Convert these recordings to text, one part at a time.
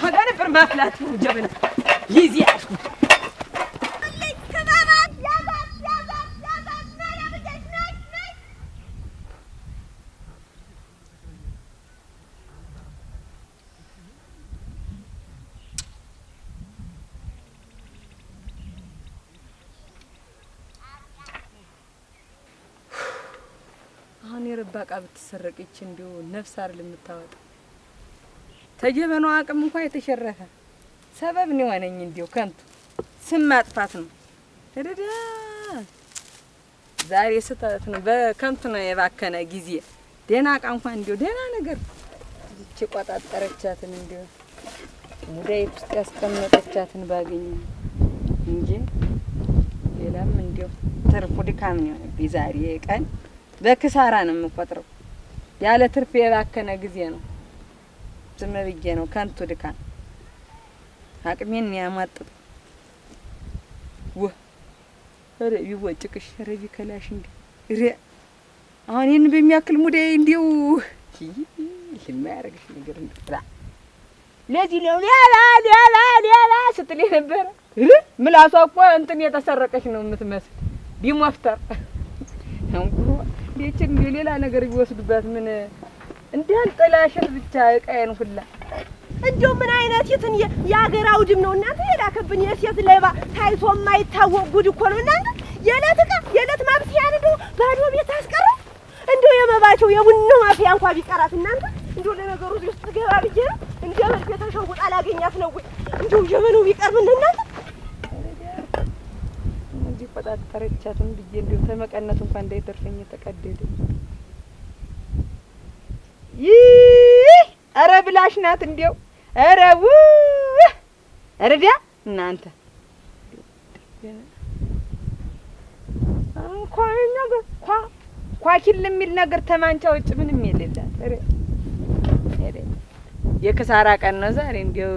ከእናቷ ጋር ነበር ማፍላት ነው ጀበና አሁን እንዲሁ ነፍስ አይደል ተጀበናው አቅም እንኳ የተሸረፈ ሰበብ ነው የሆነኝ። እንዲሁ ከንቱ ስም ማጥፋት ነው። ተደዳ ዛሬ ስህተት ነው፣ በከንቱ ነው የባከነ ጊዜ። ደህና ዕቃ እንኳን እንዲሁ ደህና ነገር ይቺ ቆጣጠረቻትን እንዲሁ ሙዳይት ውስጥ ያስቀመጠቻትን ባገኘ እንጂ ሌላም እንዲሁ ትርፉ ድካም ነው። ዛሬ ቀን በክሳራ ነው የምቆጥረው። ያለ ትርፍ የባከነ ጊዜ ነው። ዝም ብዬ ነው ከንቱ ድካን አቅሜን ያማጥጥ ወህ ረ ቢወጭቅሽ ረቢ ቢከላሽ እንዲ አሁን ይህን በሚያክል ሙዳይ እንዲው ልማያረግሽ ነገር እንድላ ለዚህ ነው ሌላ ሌላ ሌላ ስትል የነበረ ምላሷ እኮ እንትን የተሰረቀች ነው የምትመስል ቢሞፍተር ቤችን ሌላ ነገር ቢወስዱባት ምን እንዲህን ጥላሽን ብቻ እቃዬን ሁላ እንዲሁ ምን አይነት ይትን የአገር አውድም ነው እናንተ የላከብን የሴት ሌባ ታይቶ የማይታወቅ ጉድ እኮ ነው እናንተ። የዕለት ዕቃ የዕለት ማብሰያ እንዲሁ ባዶ ቤት አስቀረ። እንዲሁ የመባቸው የቡና ማፍያ እንኳ ቢቀራት እናንተ እንዲሁ ለነገሩ እዚህ ውስጥ ገባ ብዬ ነው እንዲሁ መልክ የተሸውጥ አላገኛት ነው ወይ እንዲሁ ጀመኑ ቢቀርብን እናንተ እንዲቆጣጠረቻትም ብዬ እንዲሁ ተመቀነቱ እንኳ እንዳይተርፈኝ የተቀደደ ይህ እረ ብላሽ ናት እንዲያው ኧረ እናንተ ኳኪል የሚል ነገር ተማንጫ ውጭ ምንም የሌላት የክሳራ ቀን ነው ዛሬ። እንዲያው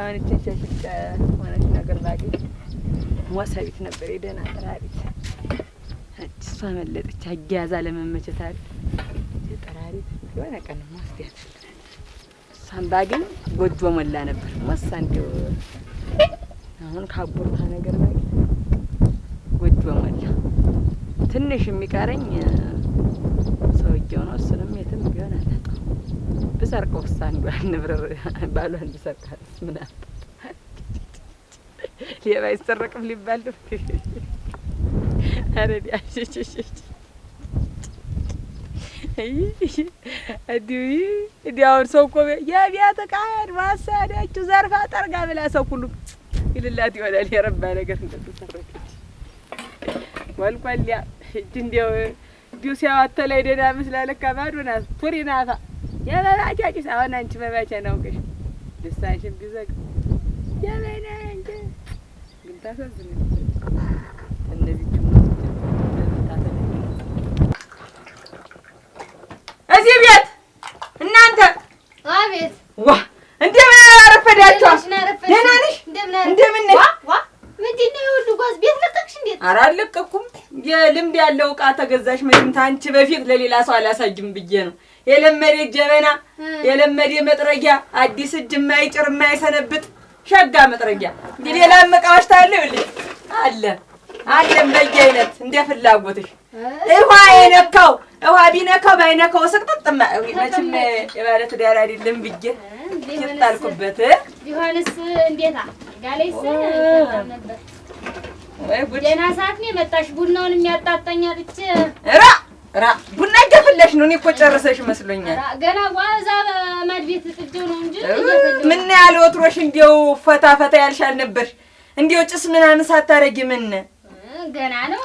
አሁን ሆነች ነገር ባገኝ ነበር የደህና ጥራቢት እሷ መለጠች ለመመቸት ቢሆን አቀንማ ውስጥ ሳምባ ግን ጎጆ ሞላ ነበር። ወሳ እንዲው አሁን ካቦርታ ነገር ላይ ጎጆ ሞላ። ትንሽ የሚቀረኝ ሰውየው ነው። እሱንም የትም ቢሆን አላጣም። ብሰርቀ ውሳ እንዲ ንብረር ባሏን ብሰርቃ ምናምን ሌባ አይሰረቅም ሊባል ነው። አረዲ እንዲሁ እንዲሁ አሁን ሰው እኮ የቤት ዕቃ ማሳዳችሁ ዘርፋ ጠርጋ ብላ ሰው ሁሉ ይልላት ይሆናል። የረባ ነገር እንደተሰረቀች ወልቆሊያ እጅ እንዲያው እንዲሁ ሲያዋተ ላይ ደህና መስላ ለካ ባዶ የመባቻ ጭስ። አሁን አንቺ መባቻ እናውቅሽ ልሳሽን ቢዘግ የበና እንጂ ግን ታሳዝነ እነዚህ የልምድ ያለው እቃ ተገዛሽ። መቼም ታንቺ በፊት ለሌላ ሰው አላሳጅም ብዬ ነው። የለመደ ጀበና፣ የለመደ መጥረጊያ፣ አዲስ እጅ የማይጭር የማይሰነብጥ ሸጋ መጥረጊያ። እንግዲህ ሌላ መቃዎች ታለ አለ አለ በየአይነት እንደ ፍላጎትሽ ውሃ የነካው ውሃ ቢነካው ባይነካው ስቅጥጥ መቼም የባለ ትዳር አይደለም ብዬ ይጣልኩበት ቢሆንስ እንዴታ ጋላይስ ነበር ደህና ሰዓት ነው የመጣሽ። ቡናውን የሚያጣጣኛል እች ራ ራ ቡና እየፈላሽ ነው? እኔ እኮ ጨርሰሽ መስሎኛል። ገና ዋዛ በማድቤት ጥጄው ነው እንጂ ምን ያህል ወትሮሽ እንዲያው ፈታ ፈታ ያልሻል ነበር። እንዲያው ጭስ ምናምን ሳታረጊ ምን ገና ነው።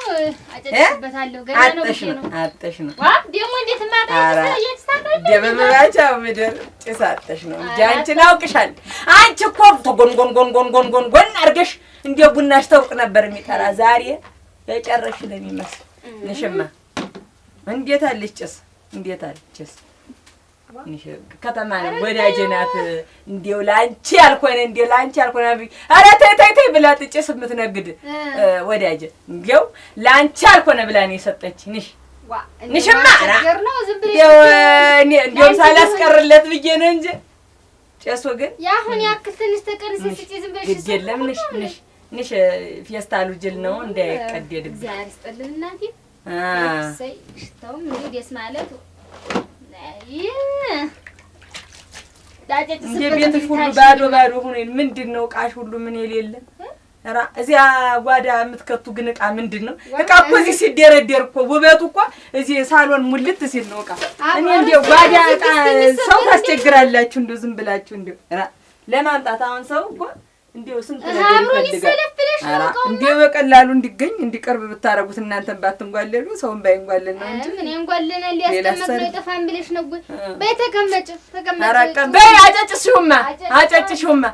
አጨጭበታለሁ ገና ነው። አጥሽ ነው አጥሽ ነው ዋብ ደግሞ እንዴት ምድር ጭስ አጥሽ ነው እንጂ አንቺን አውቅሻል። አንቺ እኮ ተጎንጎን ጎንጎን ጎንጎን ጎን አድርገሽ እንደ ቡናሽ ተውቅ ነበር የሚጠራ ዛሬ የጨረሽ ለሚመስል ንሽማ እንዴት አለሽ ጭስ እንዴት አለሽ ጭስ ከተማ ነው ወዳጄ ናት። እንዲያው ለአንቺ ያልሆነ እንዲያው ለአንቺ ያልሆነ ኧረ ተይ ተይ ተይ ብላ ጥጭስ የምትነግድ ወዳጄ እንዲያው ለአንቺ ያልሆነ ብላ ነው የሰጠችኝ። ንሽ ንሽማ እንዲያው ሳላስቀርለት ብዬ ነው እንጂ ጨሱ ግን ያሁን ያክል ትንሽ ተቀንስ ስጪ ዝም ብለሽ ግድ የለም ንሽ ንሽ ንሽ ፌስታሉ ጅል ነው እንዳይቀደድብኝ። እግዚአብሔር ይስጥልን እናቴ። አይ ሽታውም እንግዲህ ደስ ማለቱ ቤትሽ ሁሉ ባዶ ባዶ ሆኖ ምንድን ነው? ዕቃሽ ሁሉ ምን የሌለ እዚያ ጓዳ የምትከቱ ግን እቃ ምንድን ነው? ዕቃ እኮ እዚህ ሲደረደር እኮ ውበቱ እኮ እዚህ ሳሎን ሙልት ሲል ነው ዕቃ። እኔ እንደ ጓዳ ዕቃ ሰው ታስቸግራላችሁ እንደው ዝም ብላችሁ እንደው ለማምጣት አሁን ሰው እኮ እንደው ስንት ነገር ይፈልጋል። እንዲ በቀላሉ እንዲገኝ እንዲቀርብ ብታረጉት እናንተን ባትንጓለሉ ሰውን ባይንጓለን ነው እንጂ ምን እንጓለና ሊያስቀምጥ ነው የጠፋን ብለሽ ነው ወይ? በይ ተቀመጭ ተቀመጭ። አራቀ በይ አጨጭሽውማ አጨጭሽውማ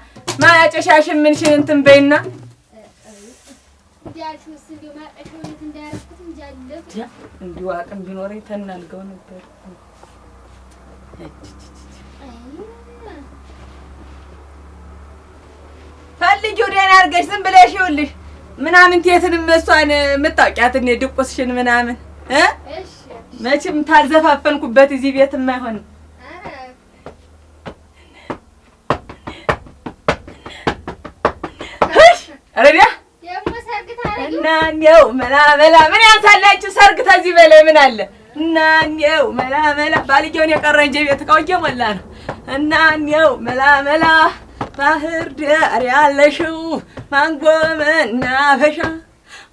ምን ሽን እንትን በይና እንዲሁ አቅም ቢኖረኝ ተናልገው ነበር። ፈልጊው ደህና አድርገሽ ዝም ብለሽ ይኸውልሽ ምናምን ቴትንም እሷን የምታውቂያትን ድቁስሽን ምናምን መቼም ታልዘፋፈንኩበት እዚህ ቤትም አይሆንም። ረዲያ መላ መላመላ ምን ያንሳላችሁ? ሰርግ ተዚህ በላይ ምን አለ? እናኔው መላ ባልየውን የቀረ እንጂ ቤት እቃው እየሞላ ነው። መላ መላ ባህር ዳር ያለሽው ማንጎ መናፈሻ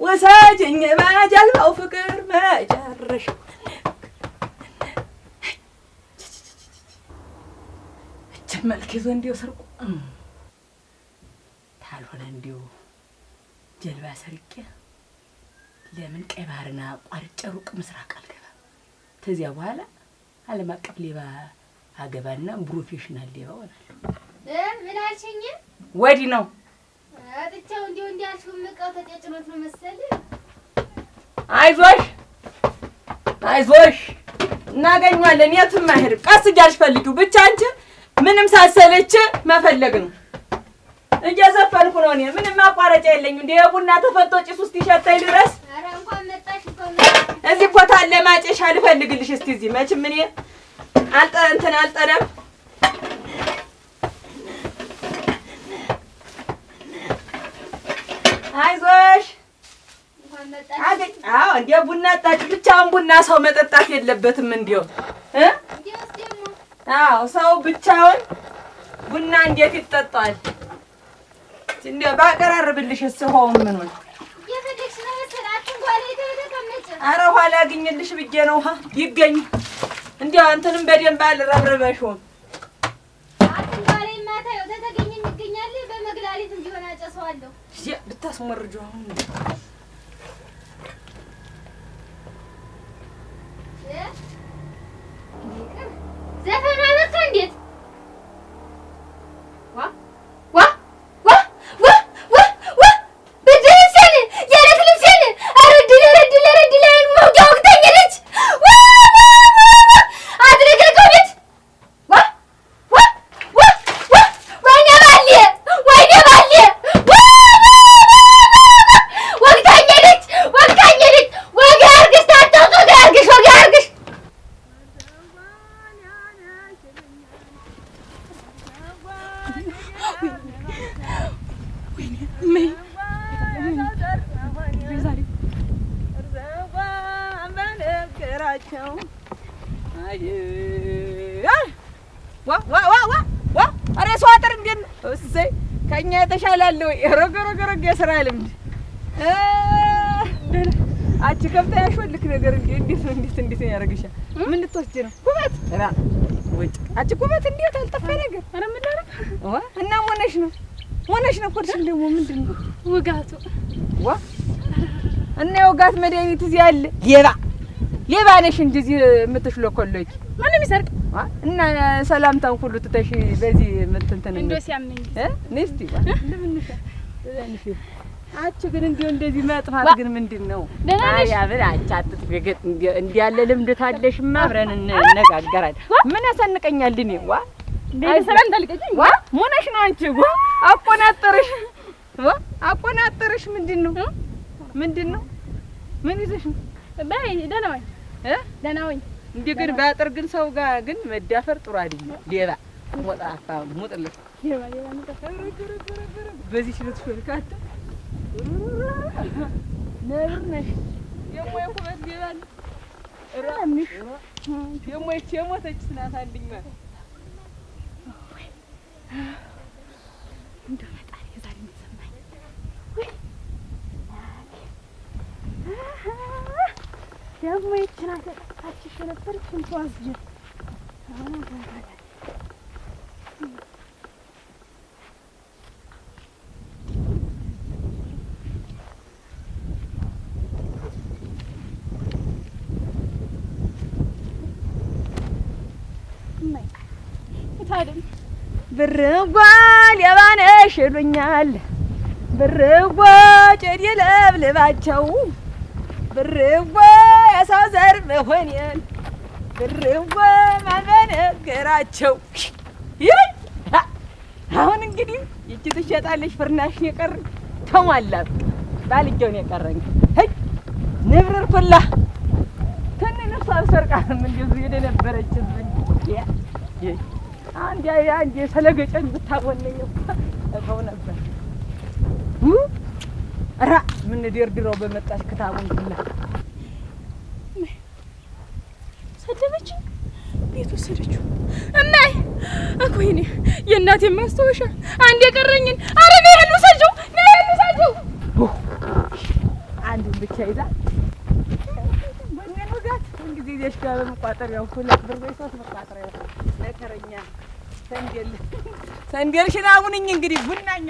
ወሳጅኝ በጀልባው ፍቅር መጨረሻ እችን መልክ ይዞ እንዲው ሰርቁ ታልሆነ እንዲው ጀልባ ሰርቄ ለምን ቀይ ባህርና ቋርጬ ሩቅ ምስራቅ አልገባም? ተዚያ በኋላ ዓለም አቀፍ ሌባ አገባና ፕሮፌሽናል ሌባ ሆናለሁ። ምን አልሽኝ? ወዲህ ነው አጥቻው እንዲሁ እንዲያልሽው ምቃው ተጨጭኖት ነው መሰለኝ። አይዞሽ አይዞሽ እናገኘዋለን። የቱም ማሄድ ቀስ እያልሽ ፈልጊው ብቻ አንቺ ምንም ሳሰለች መፈለግ ነው። እየዘፈንኩ ነው እኔ ምንም ማቋረጫ የለኝ። እንደ የቡና ተፈቶ ጭስ ውስጥ ድረስ እዚህ ቦታ ለማጨሻ ልፈልግልሽ። እስቲ እዚህ መቼም እኔ አልጠ እንትን አልጠረም አይዞሽ። አዎ እንደ ቡና አጣጭ ብቻውን ቡና ሰው መጠጣት የለበትም። እንዲያው አዎ ሰው ብቻውን ቡና እንዴት ይጠጣል? እንዲያው ባቀራርብልሽስ ውሀውን ምኑን ኧረ ኋላ አግኝልሽ ብዬ ነው። ውሀ ይገኝ እንዲያው አንተንም በደንብ አልረብረበሽውም። አትንባሬ ማታ ያው ተተገኘ የሚገኛል በመግላሊት እንዲሆን አጨሰዋለሁ ብታስመርጁ አሁን ዘፈን አበቃ እንዴት አንቺ ከብታ ያሾልክ ነገር እንዴ! እንዴት ነው እንዴት እንዴት ነው ያደርግሻል? ምን ልትወስጂ ነው? ኩበት እና ወጭ አንቺ ኩበት እንዴት አልጠፋ ነገር አረ ምን ዳራ እና ሞነሽ ነው ሞነሽ ነው ኮርሽ ደግሞ ምንድን ነው ውጋቱ ዋ እና የውጋት መድኃኒት እዚህ አለ። ሌባ ሌባ ነሽ እንጂ እዚህ የምትሽለኮለች ማን የሚሰርቅ እና ሰላምታን ሁሉ ትተሽ በዚህ ምትንተነ እንዶ ሲያምነኝ እ ንስቲ ዋ ለምን ነው አንቺ ግን እንዲሁ እንደዚህ መጥፋት ግን ምንድን ነው? ደህና ነሽ? አብረን አንቺ አትጥፊ እንዲህ ያለ ልምድ ታለሽማ አብረን እንነጋገራለን። ምን ያሰንቀኛል? እኔ ዋ ሰላም ታልቀኝ ዋ ሙነሽ ነው አንቺ ዋ አቆናጠርሽ ዋ አቆናጠርሽ ምንድን ነው? ምንድን ነው? ምን ይዘሽ ነው? በይ ደህና ወይ እ ደህና ወይ እንዲህ ግን ባጥር ግን ሰው ጋር ግን መዳፈር ጥሩ አይደለም። ሌባ ሞጣፋ ሙጥልሽ ሌባ ሌባ ሙጣፋ በዚህ ችሎት ፈልካታ ነብር ነሽ። ደግሞ የኩበት ሌባ ነሽ። ደግሞ ይቺ የሞተች ናት። አንድኛ እንደው መጣን የዛሬ የሚሰማኝ ደግሞ ይቺ ናት። የጠፋችሽ የነበረች እንትን ዋዝጀ ብርጓ ሌባነሽ ይሉኛል ብርጓ ጨዲ ለብልባቸው ብርጓ የሰው ዘር መሆኔን ብርጓ ማመነገራቸው ይሁን። አሁን እንግዲህ ይቺ ትሸጣለሽ ፍርናሽን የቀር ተሟላ ባልጌውን የቀረኝ ይ ንብርር ኩላ ትንንሷ ሰርቃም እንደዙ የደነበረች አንድ አንድ የሰለገጨን ብታወነኘው እተው ነበር። ራ ምን ደርድረው በመጣሽ ክታቡን ሁላ ሰደበች ቤት ወሰደችው። እማይ እኮ ይኔ የእናቴ ማስታወሻ አንድ የቀረኝን አረ ነው ያሉ ሰጀው ነው ሰጀው አንዱን ብቻ ይዛ በእኔ ወጋት ጊዜ ዜሽ ጋር በመቋጠር ያው ሁለት ብር ወይ ሶስት መቋጠሪያው ለተረኛ ሰንደርሽን አቡንኝ እንግዲህ ቡናኛ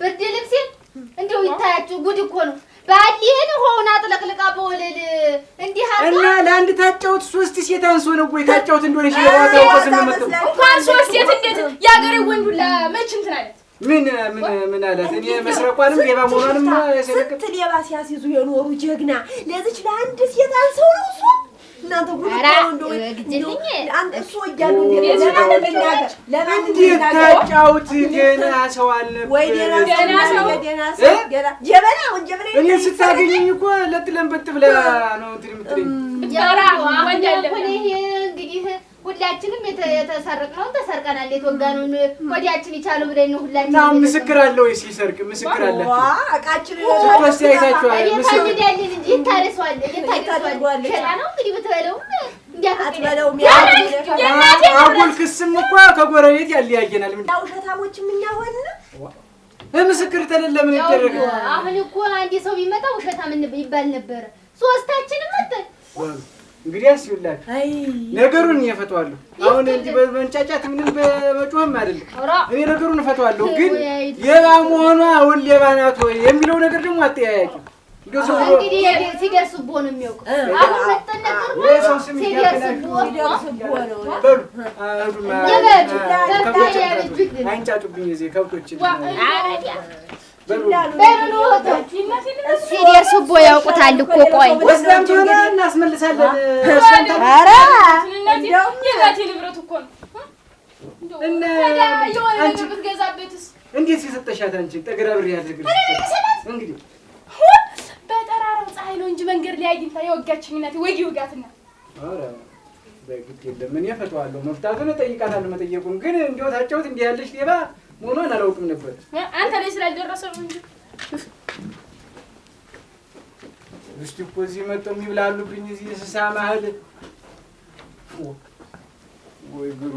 ብርድ ልብሴ እንደው ይታያችሁ፣ ጉድ እኮ ነው። ባሊህን ሆና ጥለቅልቃ በወለል እንዲህ እና ለአንድ ታጫውት ሶስት ሴት አንሶ ነው ወይ ታጫውት እንደሆነ ሽ እንኳን ሶስት ሴት እንዴት የአገሬ ወንዱላ መች እንትን አለት ምን ምን ምን አላት? እኔ መስረቋንም ሌባ መሆኗንም ስት ሌባ ሲያስይዙ የኖሩ ጀግና ለዚች ለአንድ ሴት አንሰው ነው እሱ እናንተ ጉድ ታጫውት ገና ሰው አለእኔ ስታገኘኝ እኮ ለጥለንበት ብላ ነው እንትን የምትለኝ ሁላችንም የተሰረቅነው ተሰርቀናል። የተወጋነውን ወዲያችን ይቻሉ ብለን ነው። ሁላችን ምስክር አለ ወይ? ሲሰርቅ ምስክር አለ። እቃችን አይታችኋል። ታንዳለን እንጂ ይታረሰዋል። ሸራ ነው እንግዲህ ብትበለውም እንዲያትበለውም አጉል ክስም እኮ ከጎረቤት ያለያየናል። ያየናል። ምን ውሸታሞችም እኛ ሆንን። ምስክር ተለለ ምን ይደረጋል? አሁን እኮ አንድ ሰው ቢመጣ ውሸታም ይባል ነበረ። ሶስታችንም መተን እንግዲህ አስብላችሁ ነገሩን እኔ አሁን እንዲህ በመንጫጫት ምንም በመጮህም አይደለም። እኔ ነገሩን እፈተዋለሁ። ግን የባ መሆኗ አሁን ሌባ ናት ወይ የሚለው ነገር ደግሞ አጠያያቂ ሲደርስቦ ነው የሚያውቀው። አሁን እሱ ያውቁታል እኮ። ቆይ እንዴት የሰጠሻት አንቺ? ጠግራ ብሬ ያድርግልሽ እንግዲህ በጠራራው ፀሐይ ነው እንጂ መንገድ ላይ አግኝታ የወጋችኝ እናቴ ወጊ ወጋትና በግድ የለም እኔ እፈተዋለሁ። መፍታቱን እጠይቃታለሁ መጠየቁን ግን እንዲያው ታጫውት ሌባ መሆኗን አላውቅም ነበር። አንተ ላይ ስላልደረሰ እንጂ እስቲ እኮ እዚህ መጥተው የሚብላሉብኝ እዚህ እንስሳ ማህል ወይ ግሩ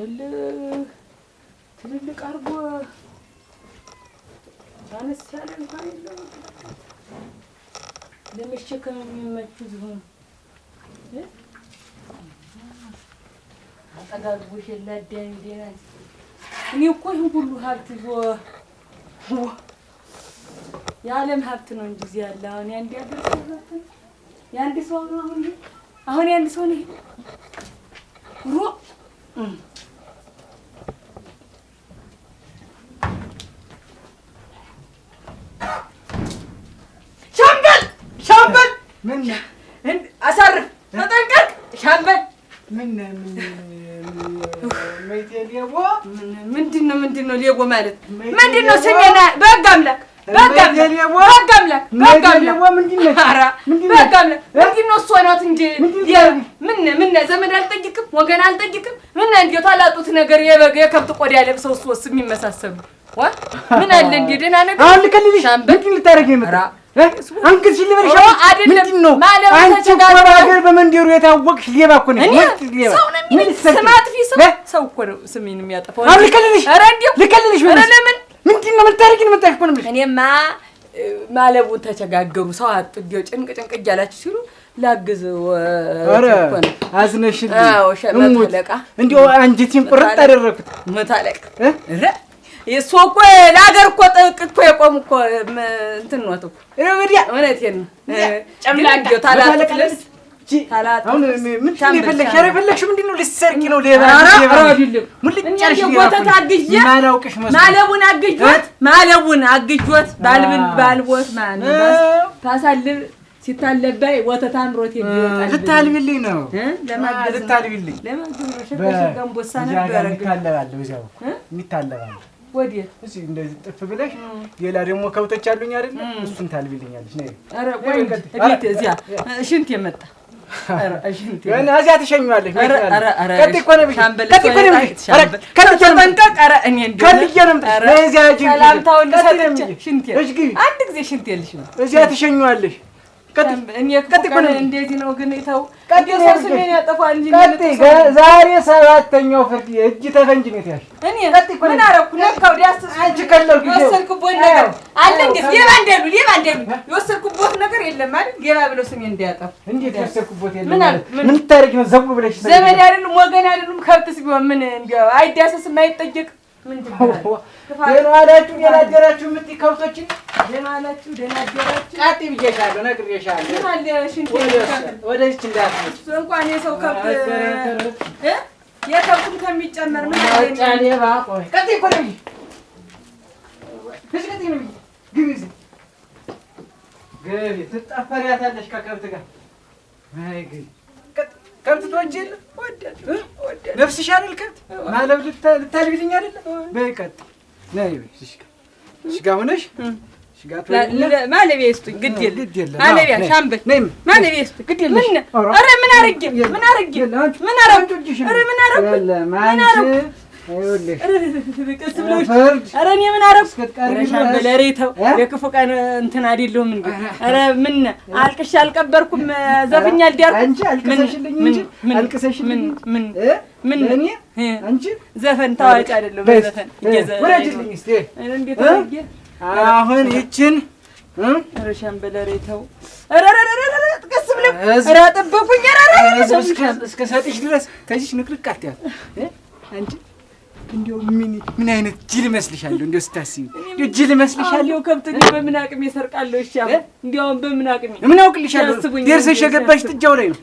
እንደል ትልልቅ አርጎ አነስ ያለ እንኳን የለው። ለመሸከም የሚመቹ ዝሆኑ አጠጋግቦሽ የላዳሚ ደህና። እኔ እኮ ይህን ሁሉ ሀብት ይዞ የዓለም ሀብት ነው እንጂ እዚህ ያለ አሁን የአንድ ያገር ሰው ሀብት ነው። የአንድ ሰው ነው አሁን አሁን የአንድ ሰው ነው ይሄ ሮ አሳርፍ፣ ተጠንቀቅ። ሻምበል ምንድን ነው? ምንድን ነው ሌቦ ማለት ምንድን ነው? ስሜና በግ አምላክ ዘመድ አልጠይቅም፣ ወገን አልጠይቅም። ምን እንዴት አላጡት ነገር የበግ የከብት ቆዳ ለብሰው እሱ የሚመሳሰሉ ምን አለ እንደ ደህና ነገር አንገት ሲልበልሽ አይደለም ነው። አንቺ እኮ በሀገር በመንደሩ የታወቅሽ ሌባ እኮ ነው ስሜን ተቸጋገሩ ሰው አጡ። እንዲያው ጭንቅ ጭንቅ እያላችሁ ሲሉ ላግዝ አዝነሽልኝ። እንዲያው አንጀቴን ቁርጥ አደረኩት። መታለቅ እሷ እኮ ለሀገር እኮ ጥብቅ እኮ የቆሙ እኮ እንትን ኖት እኮ እውነቴን ነው። ነው? ልትሰርቂ ማለቡን አግጆት ማለቡን አግጆት ባልብል ባልቦት ማነው ታሳልብ ሲታለባይ ወተት አምሮት ልታልብልኝ ነው ልታልብልኝ ለማገዝ ነው። ሸቀሸ ገንቦሳ ነበረ የሚታለባለሁ ወዲያ እሺ፣ እንደዚህ ጥፍ ብለሽ ሌላ ደግሞ ከብቶች አሉኝ አይደል? እሱን ታልቢልኛለሽ። ነይ። ኧረ ወይ እንጂ እዚያ ሽንት የመጣ ኧረ ሽንት እዚያ ትሸኛለሽ። አንድ ጊዜ ሽንት የለሽ እዚያ ትሸኛለሽ እንደዚህ ነው ግን ተው ስሜን ያጠፋል ዛሬ ሰባተኛው ፍርድ እጅ ተፈንጅ ነው ያልሽ። ምን ነገር አለ ዘመድ አይደሉም ወገን አይደሉም። ከብትስ ቢሆን ምን እንዲያው አይዳሰስም አይጠየቅም። ምንድን ነው አላችሁ የላደራችሁ የምትይ ከብቶችን ደህና አላችሁ፣ ደህና አደራችሁ። ቃጤ ብዬሻለሁ፣ ነግሬሻለሁ። ወደዚች እንዳትመጪ እንኳን የሰው ከብት የከብቱም ከሚጨመር ምን ግቢ ትጠፈሪያታለሽ ከከብት ጋር ከብት ትወንጂ የለ ነፍስሽ አይደል ከብት ማለብ ልታልብልኝ አይደለ በይ ቀጥ ነይ እሺ ሆነሽ ማለቢያ ይስጡኝ። ግድ የለም ማለቢያ ሻምበል የክፉ ቀን እንትን አይደለሁም እንደ ኧረ ምን አልቅሽ አልቀበርኩም ዘፍኛ አልዳርኩም። ዘፈን ታዋቂ አይደለሁም። ዘፈን አሁን ይችን ረሻን በለሬተው ጥቀስ ብለው ድረስ ንቅርቅ አትያት አንቺ። እንዲያው ምን ምን አይነት ጅል እመስልሻለሁ? እንዲያው ስታስቢ እንዲያው ጅል እመስልሻለሁ። በምን አቅሜ እሰርቃለሁ? እሺ በምን አቅሜ ምን አውቅልሻለሁ? ደርሰሽ የገባሽ ጥጃው ላይ ነው።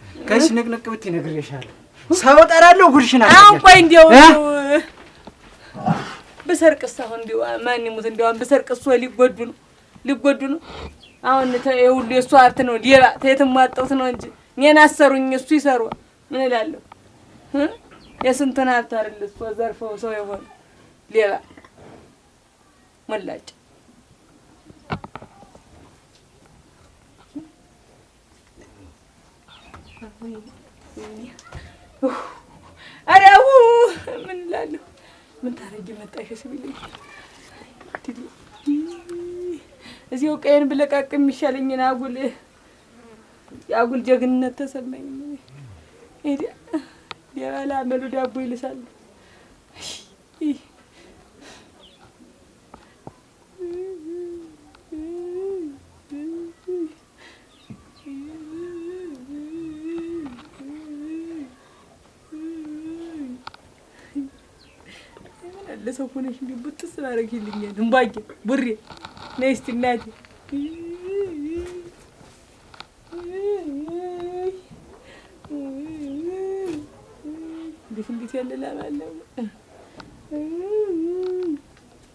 ንቅንቅ ብትይ እነግርሻለሁ። ሰው እጠራለሁ። ጉድሽን አሁን ቆይ እንዲያው ብሰርቅስ አሁን እንዲሁ ማን ይሙት እንዲሁ ብሰርቅስ ሊጎዱ ነው ሊጎዱ ነው። አሁን ሁሉ የእሱ ሀብት ነው። ሌባ ተየትም ነው እንጂ እኔን አሰሩኝ። እሱ ይሰሩ ምን እላለሁ? የስንቱን ሀብት አይደል እሱ ዘርፈው ሰው የሆነ ሌባ ሞላጭ ኧረ ምን እላለሁ ምን ታረጊ መጣሽ ብለኝ እዚሁ ቀይን ብለቃቅ የሚሻለኝን አጉል የአጉል ጀግንነት ተሰማኝ። ዲያላ መሉ ዳቦ ይልሳሉ ሰው ሆነሽ እንዲ ብጥስ ስላደረግሽልኛል። እምባዬ ቡሬ ነይ እስቲ እናቴ እንዴት እንዴት ያለ ላባለው